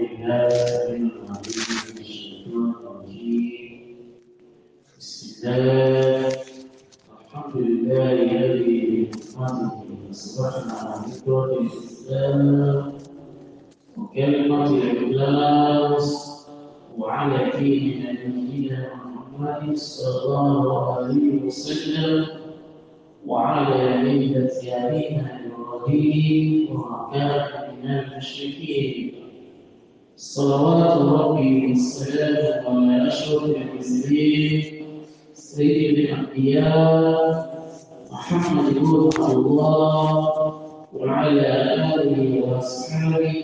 الحمد لله الذي بنعمته أصبحنا بكرة الإسلام وكلمة الإخلاص وعلى دين نبينا محمد صلى الله عليه وسلم وعلى ملة أبينا إبراهيم وما كان من المشركين صلوات ربي والسلام على أشرف المرسلين سيد الأنبياء محمد بن الله وعلى آله وأصحابه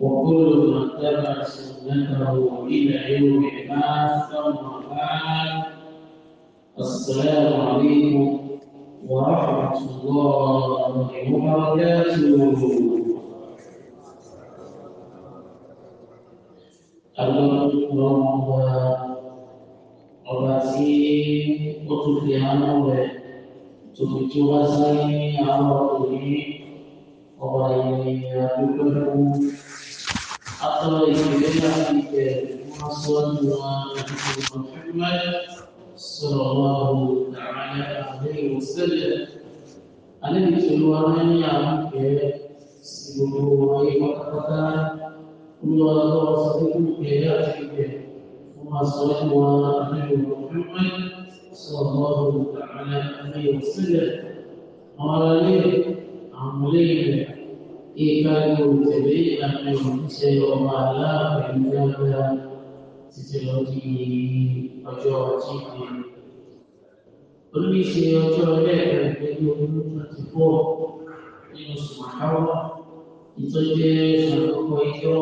وكل من تبع سنته إلى يوم البعث ثم بعد السلام عليكم ورحمة الله وبركاته alọ́dúnrún ọba ọba tí ó tún fi àánú rẹ̀ tó fi tí wá sí àwọn ọkùnrin ọba ìrìn àdúgbò fún atọ́ ìgbélé àti ìbẹ̀ wọn sọ ní wọn àdúgbò mohammed sọ̀rọ̀ wọn ò tààrà àdéhùn ìwòsílẹ̀ alẹ́ ìṣòro wọn ní àwọn ìfẹ́ sí gbogbo ayé pátápátá. ثم توصلكم بآياته وما صلى عليه محمد صلى الله تعالى عليه وسلم قال لي عملي إيكالي تبين أن يمسي وما لا فإنك تتلوتي وجوتي Oníṣe ọjọ́ ẹlẹ́ẹ̀rẹ́ pẹ̀lú ọdún twenty four nínú Sùmàkáwá, ìtọ́jú ẹ̀ṣọ́ àkọ́kọ́ ìjọ́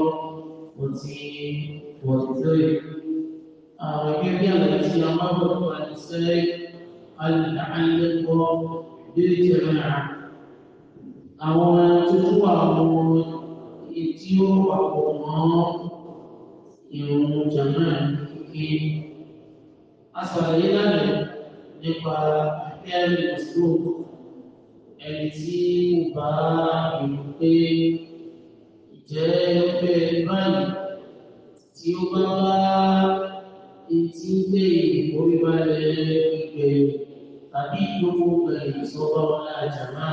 40, 43. Uh, here again, let's see our Bible and say, Al-Ta'alliq bil-Jama'a. Àwọn tuntun àwọn etí ó papọ̀ mọ́ ìrùn jàmáà kíkí. A jẹ́ pé báyìí tí ó bá wá etí gbé ìforíbalẹ̀ ìgbẹ́ tàbí ìdókòwò pẹ̀lú ìsọba ọlá àjàmá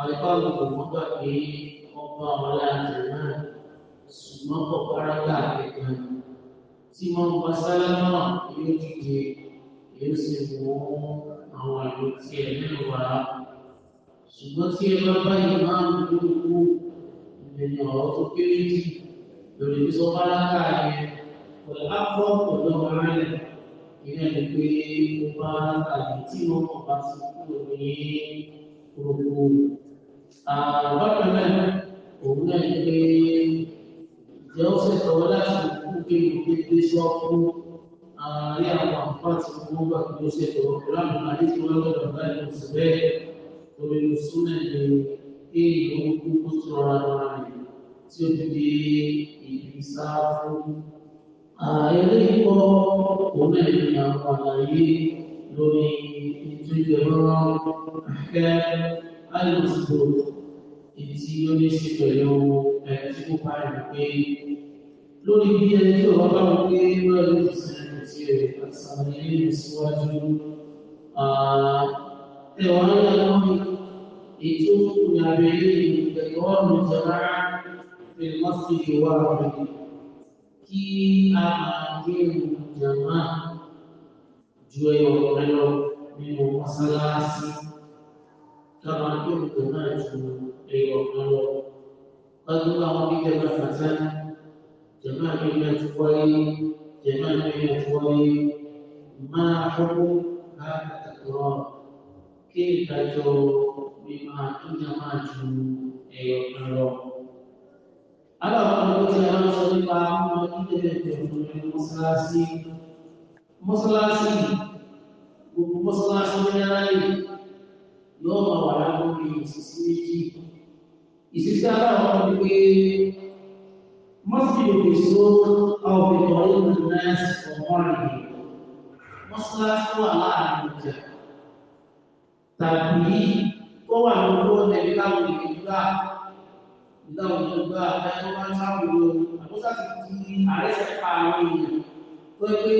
àlùfáàlù kò mọ́ gbà pé ọba ọlá àjàmá ṣùgbọ́n kọ̀ kárákà kankan tí wọ́n ń pa sálámà yóò dìde yóò sì mú àwọn àlọ́ tiẹ̀ nínú wa ṣùgbọ́n tí ẹ bá báyìí máa ń dúró èèyàn ọ̀rọ̀ tó kéré jù lórí sísọ bálákà yẹn pẹ̀lú afọ pẹ̀lú ọmọ rẹ̀ ìyẹn ni pé mo bá àyè tí mo mọ̀ bá ti kúrò ní gbogbo. Bákan náà, òun náà ni pé ìjẹ́ ó ṣe sọ̀rọ̀ láti kú kéwòn kéde ṣọ́ọ̀kú àárín àwọn àǹfààní tí wọ́n gbà tó ṣe sọ̀rọ̀ pẹ̀lú àwọn àdéhùn ọlọ́dọ̀ báyìí sí bẹ́ẹ̀ lórí súnmẹ̀ ni kí ìlú kúkú sọra rẹ̀ tí ó fi di ìlú sáfù. Eléyìí kọ́ òun náà ní àwọn àlàyé lórí ètò ìjọba kẹ́ àìlòsìkò ètí ó ní ṣe pẹ̀lú ẹni tí kò parí pé lórí bí ẹni tí ọba itu kunabili kekion jamaah di masjid wahid ki amakin jamaah juayo kayo minu masalasi kama kun kunaju ayo kayo kadullah bi jama'atan jamaah yajwai jamaah yajwai ma hukum hada takrar kita jauh nípa ìjọba ju ẹ̀yọ̀ kan lọ. alábàápọ̀ tí a máa ń sọ nípa ọmọ ìdẹ́gbẹ̀tẹ̀ òun ní mọ́ṣáláṣí mọ́ṣáláṣí gbogbo mọ́ṣáláṣí mẹ́ráyè yóò máa wà lábórí ìṣesí méjì ìṣesí aláwọ̀ ni pé mọ́sílì òkè só àwọn òkè ọ̀rẹ́ ìmọ̀lẹ́sì ó wà ní owó tẹ̀lé láwọn èdè gbà láwọn èdè gbà láti wá sáwùrò àkóso àti ti ààrẹ sẹ́ka àwọn èèyàn tó ń pé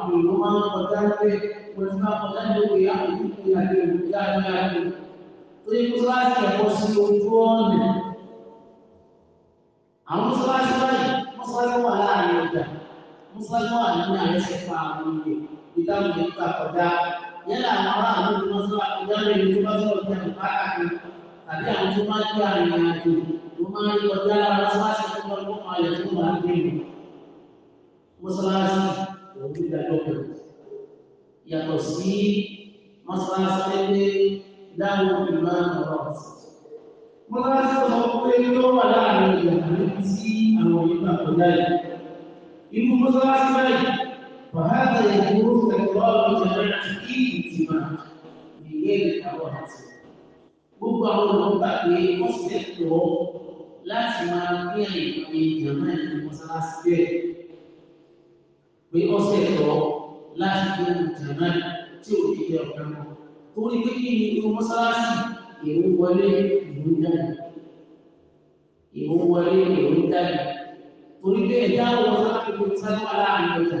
àwọn èèyàn máa ń kọjá pé wọ́n ti máa kọjá ní òwe àwọn ìdílé àti òwe dáadáa ní tó yẹ kó láti ẹ̀kọ́ sí ojú ọ̀nà àwọn mọ́sálásí báyìí mọ́sálásí wà láàrin ọjà mọ́sálásí wà nínú ààrẹ sẹ́ka àwọn èèyàn ìdáhùn ìgbà kọjá yálà àwọn àwọn tó máa sọ̀rọ̀ àtijọ́ lẹ́yìn tó bá sọ̀rọ̀ tí a kò bá kàkiri tàbí àwọn tó máa jọ àrìn àjò tó máa ń kọjá lára sáàsì tó máa kó máa yẹ fún wàá gbé mi. mọ́sálásí òun ti dàgbọ́ pẹ̀lú. yàtọ̀ sí mọ́sálásí lẹ́gbẹ́ dáhùn ìgbà ọ̀rọ̀. mọ́sálásí sọ pé ló wà láàrin ìyàtọ̀ sí àwọn ìgbà kọjá yìí. irú mọ́sálásí báyìí وهذا يكون تكرار جماعة الاجتماع من غير الحوادث gbogbo àwọn olùkọ́ pé wọ́n sì lẹ́tọ̀ọ́ láti máa ní àìpé ìjàmbá ìlú mọ́sálásí bẹ́ẹ̀ pé wọ́n sì lẹ́tọ̀ọ́ láti ní ìjàmbá tí ò ní jẹ́ ọ̀gá wọn torí pé kí ni irú mọ́sálásí èrò wọlé ìlú jáde èrò wọlé ìlú jáde torí pé ẹ̀dá wọn sábà fi gbogbo sábà láàrin ọjà.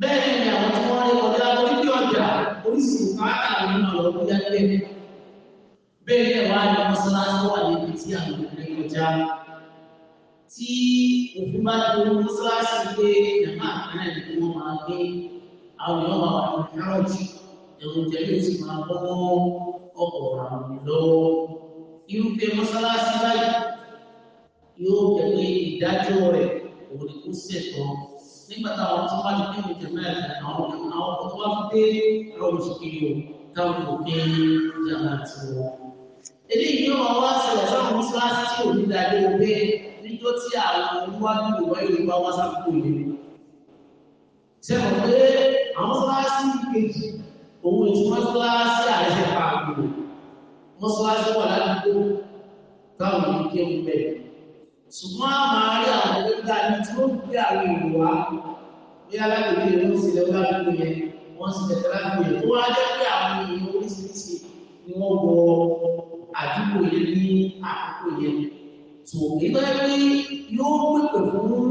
bẹ́ẹ̀ ni àwọn tí wọ́n rí kọjá orílẹ̀ ọjà oríṣiríṣi káàkiri nínú àwọn ọdún yàgbẹ́ bẹ́ẹ̀ ni ẹ̀wà ni mọ́sálásí wà níbi tí àwọn ìpínlẹ̀ kọjá tí òfin bá tó mọ́sálásí pé ìyàmá àkàrà ẹ̀ ni wọ́n máa gbé àwọn ìyọ́wà wà kárọ̀tì ẹ̀wọ̀n jẹ́lẹ̀ tí máa bọ́ ọkọ̀ àwọn lọ́wọ́ irúfẹ́ mọ́sálásí báyìí yóò nígbà táwọn tó bá ti kí ní tẹ̀mẹ́ àwọn àwọn tó bá fi dé ọ̀rọ̀ ìṣòkiri o táwọn kò kí jàmbá ti wọ́n. eléyìí ni wọn wá ṣẹlẹ̀ sọ́run mọ́ṣáláṣí tí òní dàdé òwe níjọ́ tí àwọn olúwájú ìwà yorùbá wá sáfù lè. sẹ́wọ̀n pé àwọn mọ́ṣáláṣí kejì òun ètò mọ́ṣáláṣí àìsẹ̀ pààlù mọ́ṣáláṣí wà ládùúgbò táwọn kì í kéwù bẹ́ẹ̀ ṣùgbọ́n a máa rí àwọn ẹgbẹ́ tá a ní tí ó gbé àwọn èrò wá bí alágbèbí rẹ̀ wọ́n sì lẹ́wọ́ àdúgbò yẹn wọ́n sì lẹ́wọ́ àdúgbò yẹn tó wá jẹ́ pé àwọn èèyàn oríṣiríṣi ni wọ́n wọ àdúgbò yẹn ní àkókò yẹn tó nígbà pé yóò pèpè fún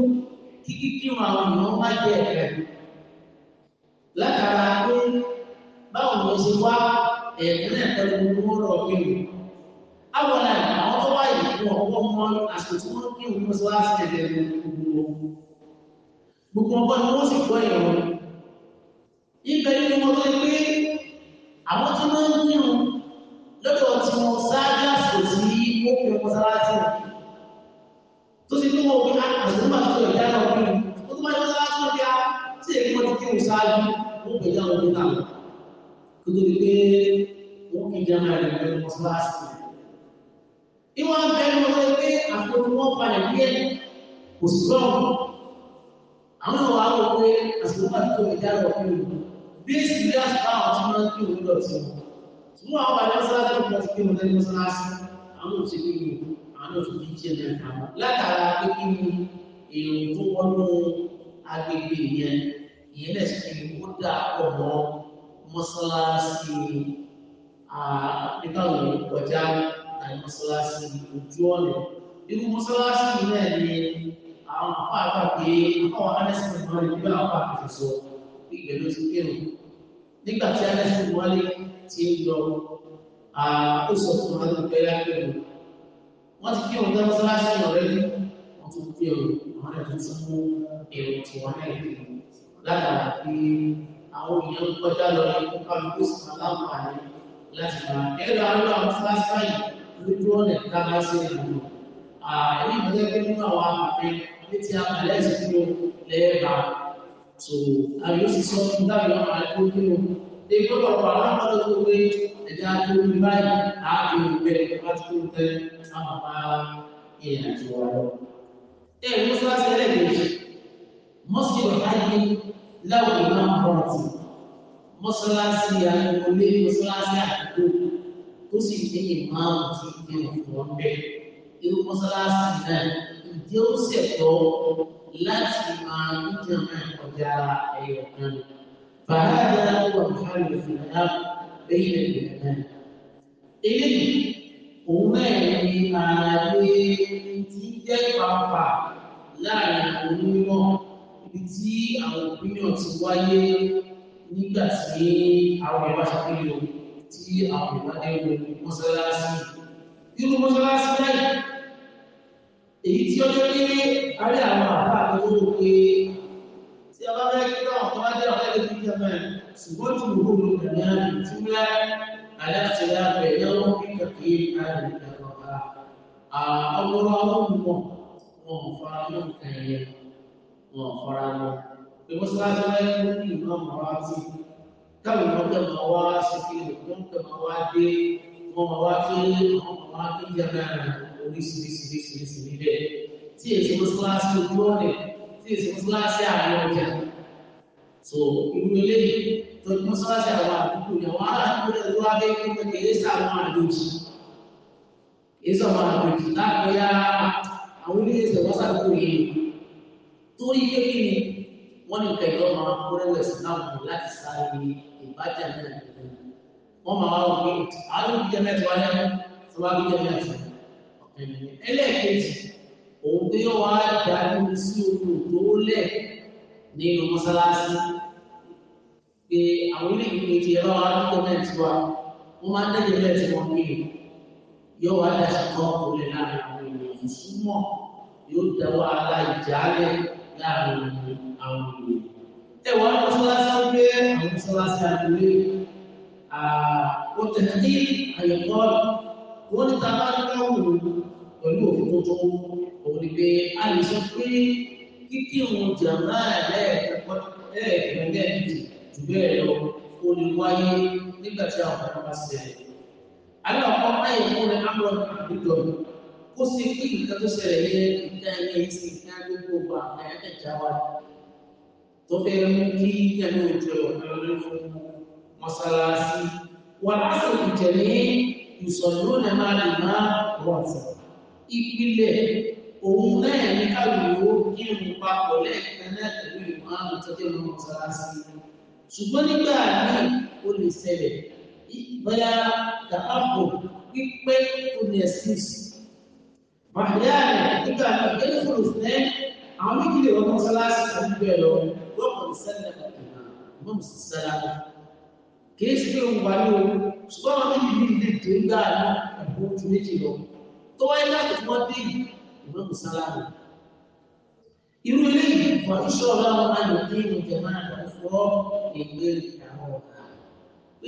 kíkí kírun àwọn èèyàn má jẹ ẹ̀rẹ̀ látara pé báwo ni ó ṣe wá ẹ̀ẹ́dẹ́gbẹ̀rún owó rọ̀ àjọ ọwọ́ wọn àṣà tí wọ́n ní òun mọ́sí wá sí ẹ̀jẹ̀ gbogbo wọn gbogbo ọgbọ́n ni wọ́n sì gbọ́ ìrọ̀ ibẹ̀ ni wọ́n tó pé àwọn tí wọ́n ń yàn lọ́dọ̀ tí wọ́n sáájú àsìkò tí ó fi wọn sára sí wọn tó ti tó wọn òbí ah, àṣà nígbà tó ìjà náà bí wọn tó bá yọ sára sí wọn bí a tí èyí wọn ti kí wọn sáájú wọn ah, pè já wọn níta kó tó di pé wọn kì í jẹun àìrè wọn mọ́sálásí ìwọ̀n abẹ́nu ọ̀rẹ́ pé àkókò wọn palẹ̀ díẹ̀ kò sí lọ́wọ́ àwọn ọ̀wá wọ pé àsìkò wà tó lè dá lọ kúrò bí èsì bí àsìkò àwọn tí wọ́n kí òun lọ sí wọn tún wọn wà lọ́sọ́láṣí wọn ti kí wọn lẹ́nu lọ́sọ́láṣí àwọn òṣèlú yìí àwọn òṣèlú yìí jẹ́ mẹ́ta látara pé kí ni èèyàn tó wọnú agbègbè yẹn ìyẹn lè ṣe ó dà pọ̀ mọ́ mọ́sálásí àbíkáwọn kọjá ní mọ́sálásí ojú ọ̀nà irú mọ́sálásí náà ni àwọn àpá àgbàgbé àwọn anẹ́sìn náà ní bí àwọn àpàtì sọ ìgbẹ́ ló ti kérò nígbà tí anẹ́sìn wọlé ti ń lọ ó sọ fún wọn láti bẹ́ẹ̀ lápẹ̀rù wọ́n ti kí òun dá mọ́sálásí ọ̀rẹ́ ní wọ́n tún kí òun àwọn ẹ̀tọ́ ti mú èrò tí wọ́n náà rí látara pé àwọn èèyàn ń kọjá lọ ní kókàlùkù sí aláǹfààní láti máa ẹ̀rọ àwọn àwọn báyìí lójú ọ̀nà ìdáná sí ìlú. Ààrẹ ìmọ̀lẹ́ pé nínú àwọn àgbẹ̀ ní ti àmàlẹ́ ìṣúná lẹ́ẹ̀bà. Tò àyè sì sọ fún dábìlì ọmọ àìkú nínú. Ní gbọ́dọ̀ pa àwọn ọmọdé tó gbé ẹ̀jẹ̀ àti omi báyìí ààbò ìgbẹ́ láti kó tẹ àwọn bá ìrìn àjò wa lọ. Ẹ ló sá sẹ́lẹ̀ méjì. Mọ́sí ọ̀háyé láwùjọ máa ń bọ̀ ọ̀tún. Mọ́sálásí àyẹ̀wò lé mọ́sálásí àdúgbò tó sì ní ìmáàmù tí ń gbé òkú wọn bẹ irú mọ́sálásí náà ǹjẹ́ ó ṣẹ̀tọ́ láti máa ń jẹun náà kọjá ẹyọ kan fàájà wà kárí òfin náà lẹ́yìn ẹ̀yọ náà. eléyìí òun náà ní ààyè tí jẹ́ pàápàá láàrin onímọ̀ ibi tí àwọn òpínlẹ̀ ti wáyé nígbà tí àwọn ìbáṣepọ̀ yìí tí àwọn ìwádìí wo mọ́sálásí. Irú mọ́sálásí báyìí, èyí tí ó jẹ́ pé arí àwọn àbá àtọ́jú wò pé tí a bá fẹ́ kí táwọn kan bá dé ọ̀rẹ́ lè fi jẹ́ mẹ́rin, ṣùgbọ́n tí mo gbọ́dọ̀ kàn ní àná tí ó lẹ́ aláṣẹ abẹ yẹwò kíkà kí àná ìjàmbá. Àwọn ọmọ wọn fara mọ́ kàn fara mọ́. Ìwọ́sálásí báyìí ló ní ìmọ̀ àwọn àti káwọn ọmọ tó máa wá síbi ìlòkùn tó máa wá dé wọn máa wá kí wọn máa wá kí jàmbá oríṣiríṣiríṣiríṣi níbẹ̀ tí èsì mọ́sálásí ojú so irú eléyìí tó ní mọ́sálásí àwọn àdúgbò ní àwọn aládùúgbò rẹ̀ ló wá dé kí wọ́n kéré sí àwọn àdójì kéré sí àwọn àdójì láàbíyá wọ́n ní nǹkan ìlú ọmọ akórẹ́wẹ̀ síláàmù láti sáré ìbájà náà nìkan wọ́n máa wá wọ́n pé àádọ́ bíjẹ́ wáyé mú tí wọ́n bíjẹ́ mẹ́ta ọ̀pẹ̀ nìyẹn ẹlẹ́ẹ̀kejì òun tó yọ wá dàbí mi sí omi tó lẹ̀ nínú mọ́sálásí pé àwọn ilé ìgbìmọ̀ ti ẹ̀rọ wa bíjẹ́ mẹ́ta wa wọ́n máa ń dẹ́jẹ́ mẹ́ta wọn pé yọ wá dàṣẹ kọ́ òun láàrin àwọn ènìyàn ìsúmọ̀ yóò dá wàhálà ìjálẹ̀ láàrin àwọn olùkọ́. ẹ wọ́n á mọ́sálásí gbé àwọn mọ́sálásí àdúgbò òtẹ̀tẹ̀ àyẹ̀kọ́ wọ́n ti ta bá dáwò pẹ̀lú òfin tuntun òun ni pé a lè sọ pé kíkí òun jàmbá ẹ̀ẹ́dẹ́gbẹ́ ẹ̀ẹ́dẹ́gbẹ́ jù bẹ́ẹ̀ lọ ó lè wáyé nígbà tí àwọn ọmọ bá ṣẹlẹ̀. Àlọ́ ọ̀pọ̀ ayé fún ni Amron Abidjan ó sì kí nǹkan tó ṣẹlẹ̀ yẹ nǹkan ẹ̀yẹ sí nǹkan gbogbo àgbà ẹ̀ẹ́dẹ̀jà wa tó fẹ́ mú kí jẹ́mú ìjọ lọ́lọ́lọ́wọ́ mọ́sálásí wà lásìkò jẹ̀lé ìsọ̀lú ní máa lè máa wọ̀n ìpìlẹ̀ òun náà ní káwìwò kí n papọ̀ lẹ́ẹ̀kan náà pẹ̀lú ìmọ̀ àrùn tó jẹ́ mọ́sálásí ṣùgbọ́n nígbà míì ó lè ṣẹlẹ̀ bóyá dàpapọ̀ pípé tó lè sí màdíyà rẹ̀ nígbà tó gbé fòrò fún ẹ àwọn méjìlél وسلم imam sara kìí ṣe pé òun wà ní ooru ṣùgbọ́n àwọn méjì ní ilé tó ń gbà ní ẹ̀bùn ojú méjì lọ tó wáyé láti fún ọdẹ imam sara rẹ irú eléyìí wà iṣẹ́ ọlọ́run máa lò ní ìlú jẹ̀mọ́ àwọn fọ́ ìgbé àwọn ọ̀gá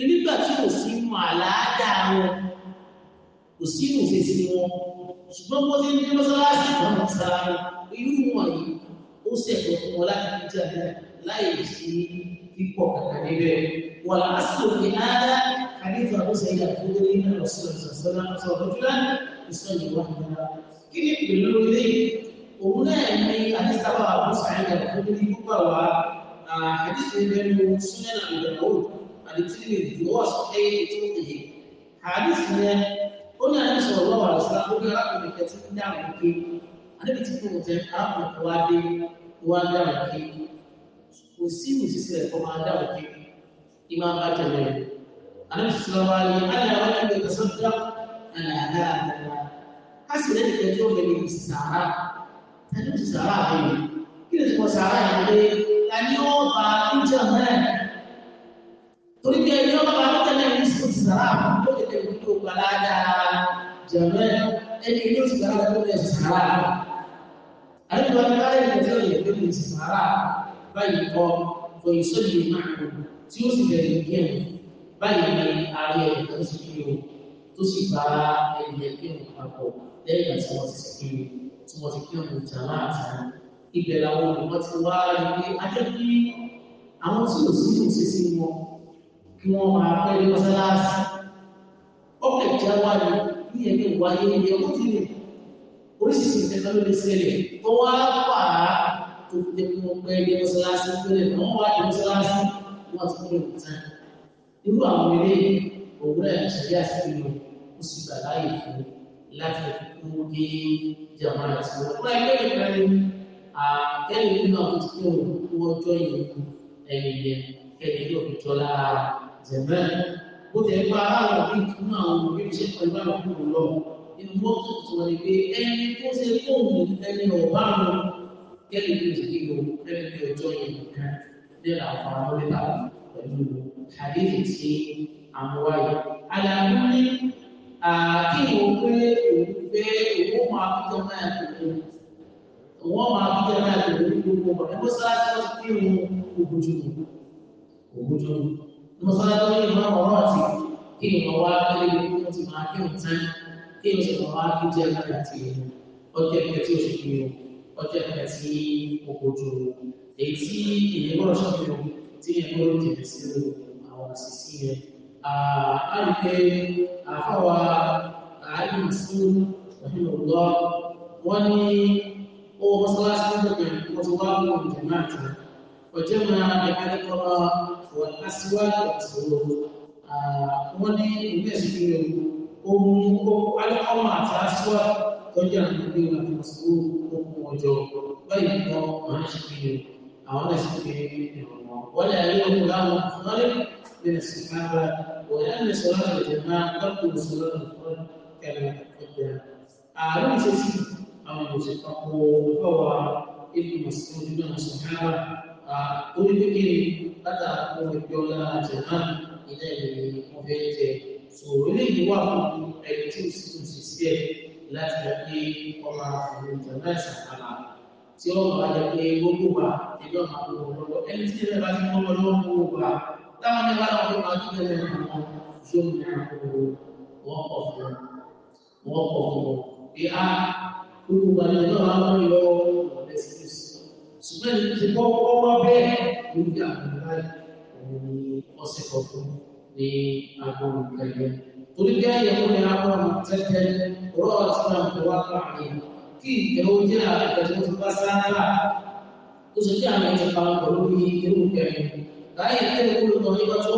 nígbà tí kò sí mọ àlàáda wọn kò sí mọ òfèsì wọn ṣùgbọ́n bó ní mọ́sálásí ìmọ̀ sara rẹ irú wọn yìí ó ṣẹ̀kọ̀ fún wọn láti fi jẹ́ láì sí pípọ̀ kàkà níbẹ̀. Wà lásìkò ní Ádá Khalifa Hussein Àkúrò nínú ọ̀sán ìṣàṣọ́lá sọ̀rọ̀ fúlá ìṣọ̀lẹ̀ wà nígbà. Kí ni pẹ̀lú ilé òun náà ní Adésáwà Hussein Àkúrò ní púpà wá àdìsí ìbẹ̀rù Súnẹ́nà Ìbẹ̀rù àdìsí ìbẹ̀rù wọ́ọ̀sì ẹ̀yẹ tó kéde. Àdìsí yẹn ó ní àdìsí ọ̀rọ̀ wà lọ́sọ̀rọ̀ ó ní arákùnrin kẹtí ń dáhùn kí. Àdìsí kò tẹ arákùnrin wa dé kò sí ní sísẹ ẹ̀kọ́ máa dá òkè ní máa bá tẹ̀lé rẹ̀. Àlẹ́sọ̀rọ̀ wa ni alẹ́ àwọn ẹgbẹ́ ìgbésọ̀ dá nàlẹ́ àdá àdá. Ká sì lẹ́nu ìgbẹ́ tó lè ní sàárà. Ẹni ti sàárà àbẹ̀yẹ. Kí ni ìtumọ̀ sàárà yẹn lé? Ẹni ó bá níjà mẹ́rin. Torí pé ẹni ó bá níjà ní sùn sàárà ló lè lè wúlò gbalada jẹ̀mẹ́. Ẹni yóò ti gbàgbọ́ lẹ́sàárà. Àlẹ́ báyìí kọ́ òyìn sóyè máa kò tí ó sì bẹ̀rẹ̀ bí ẹ̀wọ̀n báyìí ni ààrẹ ẹ̀kọ́ sì fi o tó sì bá ẹ̀yìn ẹ̀kẹ́ òun papọ̀ lẹ́yìn tí wọ́n ti sì fi o tí wọ́n ti fi ọ̀nà ìjà láàtà ibẹ̀ làwọn olùkọ́ ti wá rí pé ajẹ́bí àwọn tí ò sí ní òṣèṣe wọn kí wọ́n máa pẹ́ ní mọ́sálásí ọkọ̀ ìjà wà ní ní ẹgbẹ́ ìwáyé ní ẹgbẹ́ òkúté oríṣiríṣi lè ṣẹlẹ̀ tó fi jẹ́ kí wọ́n pẹ́ ní mọ́ṣáláṣí tẹ́lẹ̀ náà wọ́n wá ní mọ́ṣáláṣí wọ́n ti kúrò nìkan. irú àwọn eré òwúrọ̀ ìṣẹ̀lẹ̀ àṣìṣe ó sì gbà láàyè fún láti kú ní jàmbá àti wọn. wọ́n ẹgbẹ́ ìgbà ni àtẹ́lẹ̀ nínú àwọn tí kò kú ọjọ́ ìlú ẹ̀yìn yẹn kẹ́lẹ́ yóò fi jọlá jẹ̀mẹ́. ó tẹ̀ ń pa aráàlú bí ìtumọ̀ àwọn ọmọ bí ìṣẹ́ pẹ̀lú àwọn ọmọ lọ. inú yẹ́nì ní o lẹ́nu ní ọjọ́ yẹn nìkan nínú àwọn amúlẹ́ta pẹ̀lú àdéhùn tí àwọn wáyé. Àlàmú ní àkíyàn pé òun pé òun máa fi jọ náà lòdì. Wọ́n máa fi jọ náà lòdì ní gbogbo ọ̀pọ̀. Ní mọ́sálásí wọ́n ti kí wọn ògbójúmọ̀. Ògbójúmọ̀. Ní mọ́sálásí wọ́n ti máa ọ̀rọ̀ àti kí ìmọ̀ wá lórí wọ́n ti máa kí wọn tán. Kí ìmọ̀ wá kí jẹ́ láti àti ọjọ́ tí ó ṣe kí wọn ọjọ́ ìpínlẹ̀ sí òkòjò èyí tí èyí gbọ́dọ̀ ṣàfihàn tí èyí gbọ́dọ̀ jẹ̀bẹ̀ sí àwọn àṣìṣí yẹn. láti pé àfáwa ààyè sí ọ̀hìn ọ̀gbọ́ wọ́n ní owó mọ́sálásí lọ́gbẹ̀ wọ́n ti wá mú ìjẹ̀ náà tán. ọjọ́ máa ẹ̀ka nípa wọ́n aṣíwájú ìṣòro wọ́n ní ilé ìṣèkiri ohun alẹ́kọ̀ọ́ àti aṣíwájú tọ́jú àwọn ìgbéga àti ìṣòro àwùjọ báyìí kọ́ àwọn náà ṣe fi àwọn náà ṣe fi ìrànwọ́ wọ́n lè rí ọkọ̀ láwọn ọ̀nàlẹ́ nínú sìkáàbà wọ́n lè sọ̀rọ̀ àlejò máa lọ́kùnrin sọ̀rọ̀ nìkan kẹrin ẹ̀dá ààrẹ ìṣesí àwọn òṣèlú àpò ọ̀wà ibi mọ̀síwájú náà sọ̀rọ̀ oníkékeré látàkó ìjọba àjẹmá ilé ìrìn ọ̀fẹ́ jẹ sọ̀rọ̀ eléyìí wà fún ẹni tí ó sì tún ṣe sí ẹ̀ láti jẹ pé ọmọ àwọn ìjọ náà ṣàkàlà tí ó máa jẹ pé gbogbo wa ẹgbẹ́ ọmọ àwọn ọmọ lọ́wọ́ ẹni tí ẹgbẹ́ bá ti mọ́ lọ́wọ́ gbogbo wa táwọn ẹgbẹ́ àwọn ọmọ máa tún lẹ́nu àwọn ṣóun ní àwọn wọn kọ̀ fún wọn kọ̀ fún wọn pé a ah, gbogbo wa ni ọjọ́ àwọn ọmọ yọ ọ̀rẹ́ sí i ṣùgbọ́n ẹni tí kọ́ wá bẹ́ẹ̀ lórí àwọn ọmọ ọ̀sẹ̀ kọ̀ọ̀kan ní torígbẹ́ ìyẹ̀wò ni àwọn àmọ̀tẹ́tẹ́ rọ́ ọ̀tún àmọ̀wá láàrin kí ìyẹ̀wò jẹ́ àgbẹ̀tẹ̀ tó bá sáárà ó sì kí àwọn ìjọba pẹ̀lú irú kẹrin láyé tẹ́lẹ̀ kúrò kan nípa tó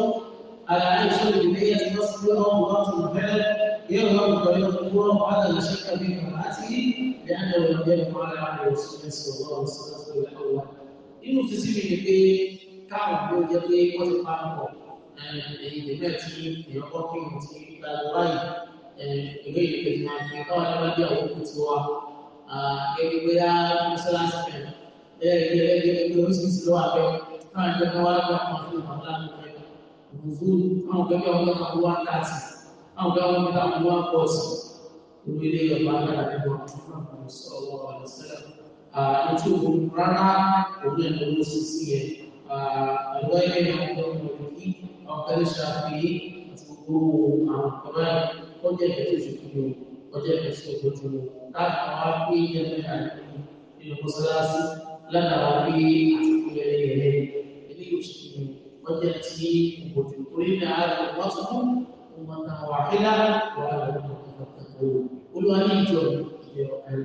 àlàyé ìṣòro ìgbéyà tó sì pé ọmọ wọn tó bẹ́ẹ̀ yẹ́wò wọn kọ̀ yọ kúrò wọn á lè ṣe kàbí àti ìyáàdọ̀ ìyẹn wọn á lè nínú sísí mi ni pé káwọn ló jẹ pé wọn ti pa ọkọ ẹ̀ẹ́dẹ̀gbẹ́ tí ìyọkọ́ kí wọn ti báyìí ìwé ìpèsè máa fi káwọn ẹgbẹ́ bí àwọn òkú ti wá gẹ́gẹ́ bí á mọ́sálásí kan ẹgbẹ́ ẹgbẹ́ oríṣiríṣi ló wà bẹ́ẹ̀ káwọn ẹgbẹ́ kan wá lọ́wọ́ àwọn àti ìwà ńlá ló fẹ́ òfurufú àwọn ọ̀gá bí àwọn ọ̀gá kan wá káàtì àwọn ọ̀gá wọn bí àwọn wá pọ̀sì ìwé ilé ọ̀gá agbára nínú ọ̀tún sọ̀rọ̀ àlùsẹ́lẹ̀ àti òun rárá òun ẹ̀ lọ́wọ́ sí sí yẹ ọ̀gá ilé ọ̀gá ọ̀gá gbogbo àwọn ọ̀rẹ́ ọjọ́ ìfẹ́ sí ìṣòro ọjọ́ ìfẹ́ sí ìṣòro láti wá pé ẹgbẹ́ àìkú nínú mọ́sálásí láti wá pé àtìkú ẹlẹ́yẹlẹ́ ilé òṣèlú ọjọ́ tí òbòjú orí ní àárọ̀ wọ́n tún mú ọmọ náà wà kílá wà lọ́wọ́ olúwa ní ìjọ ìjẹ ọ̀kan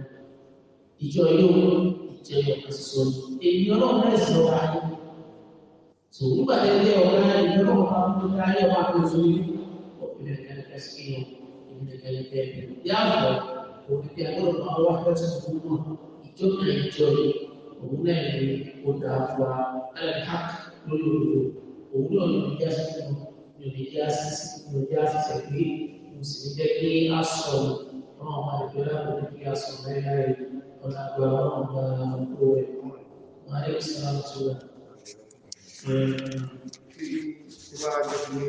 ìjọ ìjẹ ọ̀kan èyí ọlọ́run náà sì ayé tòun gbàdé ẹgbẹ́ ìjọ ọ̀kan tó dáyé ọ̀kan tó sọ التسكين إنك لتأكل Therefore, òbí agbọ́dọ̀ máa wá pẹ́sẹ̀ fún náà ìjọba ìjọba òun náà ni ó dáa fún wa alhaq lórí òdo òun náà ni ìjà sínú ni ò ní já sí ni ò já sí sẹ́gbẹ́ mo sì ní jẹ́ kí a sọ̀rọ̀ náà wọn àdìgbò láàbò ní